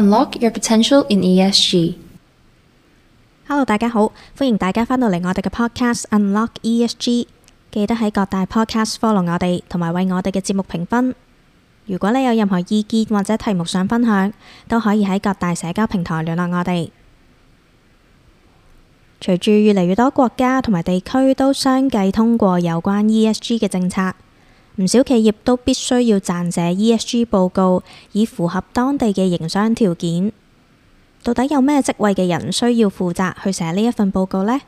Unlock your potential in ESG. Hello，大家好，歡迎大家返到嚟我哋嘅 podcast Unlock ESG。記得喺各大 podcast follow 我哋，同埋為我哋嘅節目評分。如果你有任何意見或者題目想分享，都可以喺各大社交平台聯絡我哋。隨住越嚟越多國家同埋地區都相繼通過有關 ESG 嘅政策。唔少企業都必須要撰寫 ESG 報告，以符合當地嘅營商條件。到底有咩職位嘅人需要負責去寫呢一份報告呢？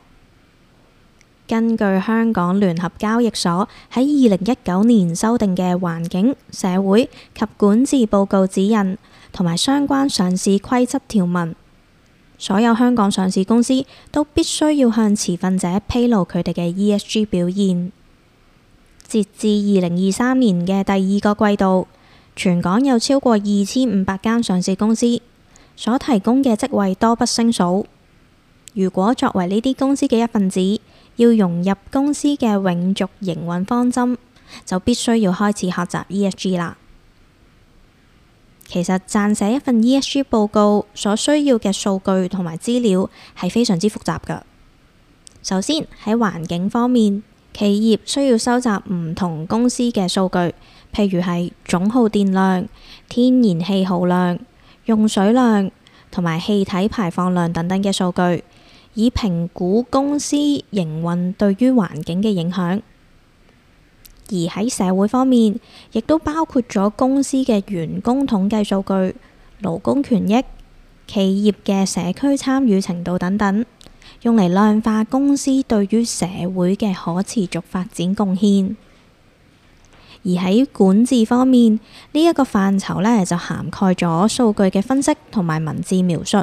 根據香港聯合交易所喺二零一九年修訂嘅環境、社會及管治報告指引同埋相關上市規則條文，所有香港上市公司都必須要向持份者披露佢哋嘅 ESG 表現。截至二零二三年嘅第二個季度，全港有超過二千五百間上市公司，所提供嘅職位多不勝數。如果作為呢啲公司嘅一份子，要融入公司嘅永續營運方針，就必須要開始學習 ESG 啦。其實撰寫一份 ESG 報告所需要嘅數據同埋資料係非常之複雜㗎。首先，喺環境方面。企業需要收集唔同公司嘅數據，譬如係總耗電量、天然氣耗量、用水量同埋氣體排放量等等嘅數據，以評估公司營運對於環境嘅影響。而喺社會方面，亦都包括咗公司嘅員工統計數據、勞工權益、企業嘅社區參與程度等等。用嚟量化公司對於社會嘅可持續發展貢獻。而喺管治方面呢一個範疇咧，就涵蓋咗數據嘅分析同埋文字描述，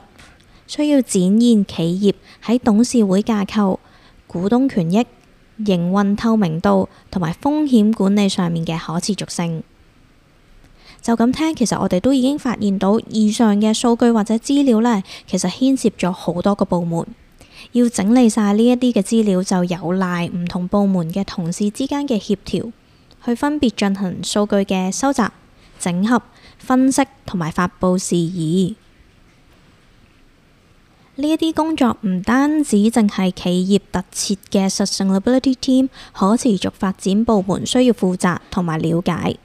需要展現企業喺董事會架構股東權益、營運透明度同埋風險管理上面嘅可持續性。就咁聽，其實我哋都已經發現到以上嘅數據或者資料咧，其實牽涉咗好多個部門。要整理晒呢一啲嘅資料，就有賴唔同部門嘅同事之間嘅協調，去分別進行數據嘅收集、整合、分析同埋發布事宜。呢一啲工作唔單止淨係企業特設嘅 Sustainability Team 可持續發展部門需要負責同埋了解，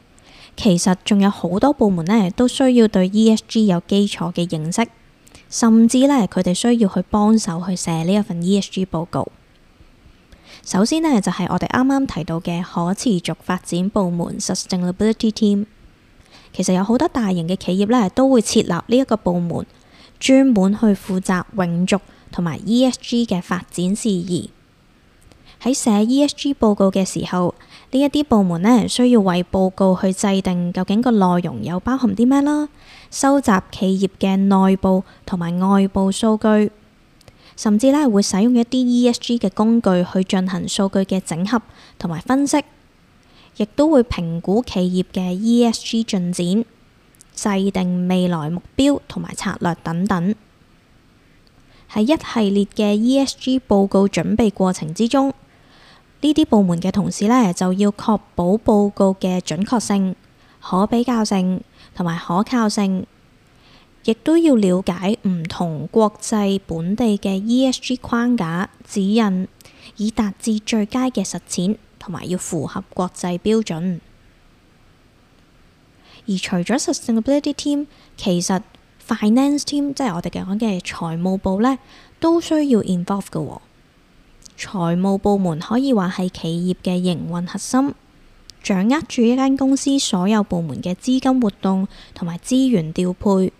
其實仲有好多部門咧都需要對 ESG 有基礎嘅認識。甚至呢，佢哋需要去幫手去寫呢一份 ESG 報告。首先呢，就係我哋啱啱提到嘅可持續發展部門 （sustainability team）。其實有好多大型嘅企業呢，都會設立呢一個部門，專門去負責永續同埋 ESG 嘅發展事宜。喺寫 ESG 報告嘅時候，呢一啲部門呢，需要為報告去制定究竟個內容有包含啲咩啦，收集企業嘅內部同埋外部數據，甚至呢會使用一啲 ESG 嘅工具去進行數據嘅整合同埋分析，亦都會評估企業嘅 ESG 進展，制定未來目標同埋策略等等，喺一系列嘅 ESG 報告準備過程之中。呢啲部門嘅同事咧，就要確保報告嘅準確性、可比較性同埋可靠性，亦都要了解唔同國際本地嘅 ESG 框架指引，以達至最佳嘅實踐，同埋要符合國際標準。而除咗 Sustainability Team，其實 Finance Team，即係我哋講嘅財務部咧，都需要 involve 嘅喎。財務部門可以話係企業嘅營運核心，掌握住一間公司所有部門嘅資金活動同埋資源調配。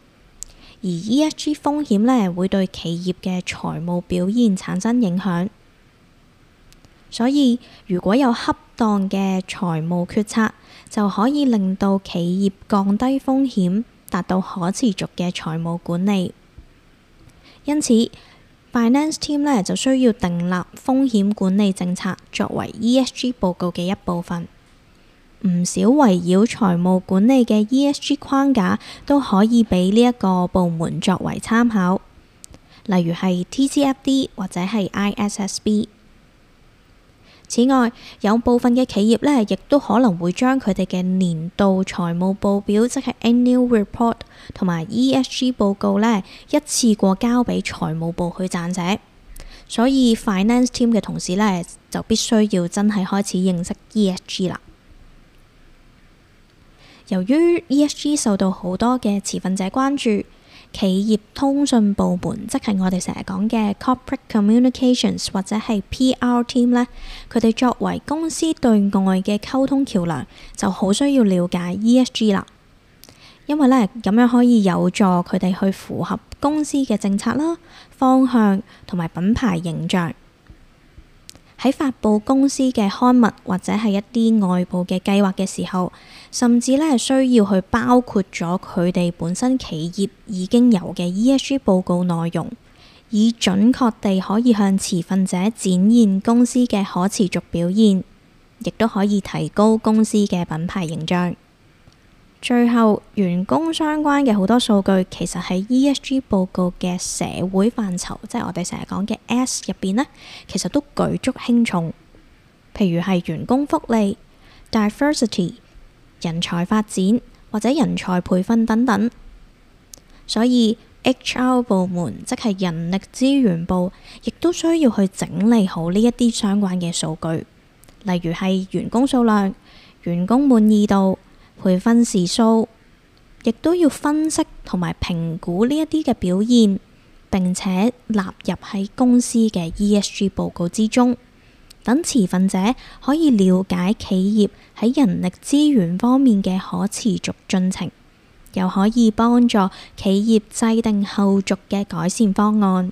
而 ESG 風險呢，會對企業嘅財務表現產生影響，所以如果有恰當嘅財務決策，就可以令到企業降低風險，達到可持續嘅財務管理。因此，Finance team 呢就需要訂立風險管理政策，作為 ESG 報告嘅一部分。唔少圍繞財務管理嘅 ESG 框架都可以俾呢一個部門作為參考，例如係 TCFD 或者係 ISSB。此外，有部分嘅企業呢亦都可能會將佢哋嘅年度財務報表，即係 annual report 同埋 ESG 報告呢，一次過交俾財務部去撰寫。所以 finance team 嘅同事呢，就必須要真係開始認識 ESG 啦。由於 ESG 受到好多嘅持份者關注。企業通訊部門，即係我哋成日講嘅 corporate communications 或者係 PR team 咧，佢哋作為公司對外嘅溝通橋梁，就好需要了解 ESG 啦。因為咧，咁樣可以有助佢哋去符合公司嘅政策啦、方向同埋品牌形象。喺發布公司嘅刊物，或者係一啲外部嘅計劃嘅時候，甚至咧係需要去包括咗佢哋本身企業已經有嘅 ESG 報告內容，以準確地可以向持份者展現公司嘅可持續表現，亦都可以提高公司嘅品牌形象。最後，員工相關嘅好多數據其實係 ESG 報告嘅社會範疇，即係我哋成日講嘅 S 入邊呢，其實都舉足輕重。譬如係員工福利、diversity、人才發展或者人才培訓等等。所以 HR 部門即係人力資源部，亦都需要去整理好呢一啲相關嘅數據，例如係員工數量、員工滿意度。培訓時數，亦都要分析同埋評估呢一啲嘅表現，並且納入喺公司嘅 ESG 報告之中，等持份者可以了解企業喺人力資源方面嘅可持續進程，又可以幫助企業制定後續嘅改善方案。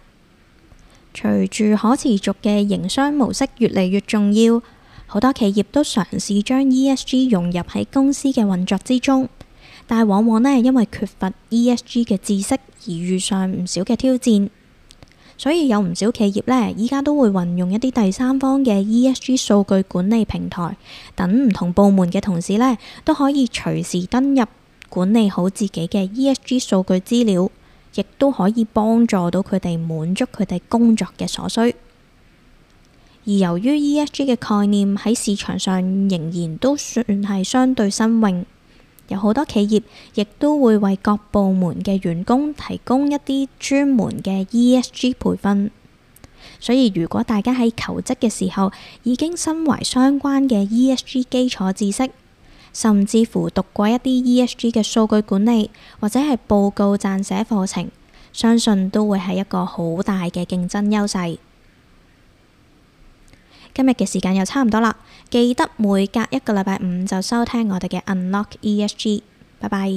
隨住可持續嘅營商模式越嚟越重要。好多企業都嘗試將 ESG 融入喺公司嘅運作之中，但往往呢因為缺乏 ESG 嘅知識而遇上唔少嘅挑戰，所以有唔少企業呢，依家都會運用一啲第三方嘅 ESG 數據管理平台，等唔同部門嘅同事呢，都可以隨時登入管理好自己嘅 ESG 數據資料，亦都可以幫助到佢哋滿足佢哋工作嘅所需。而由於 ESG 嘅概念喺市場上仍然都算係相對新穎，有好多企業亦都會為各部門嘅員工提供一啲專門嘅 ESG 培訓。所以，如果大家喺求職嘅時候已經身懷相關嘅 ESG 基礎知識，甚至乎讀過一啲 ESG 嘅數據管理或者係報告撰寫課程，相信都會係一個好大嘅競爭優勢。今日嘅時間又差唔多喇，記得每隔一個禮拜五就收聽我哋嘅 Unlock ESG。拜拜。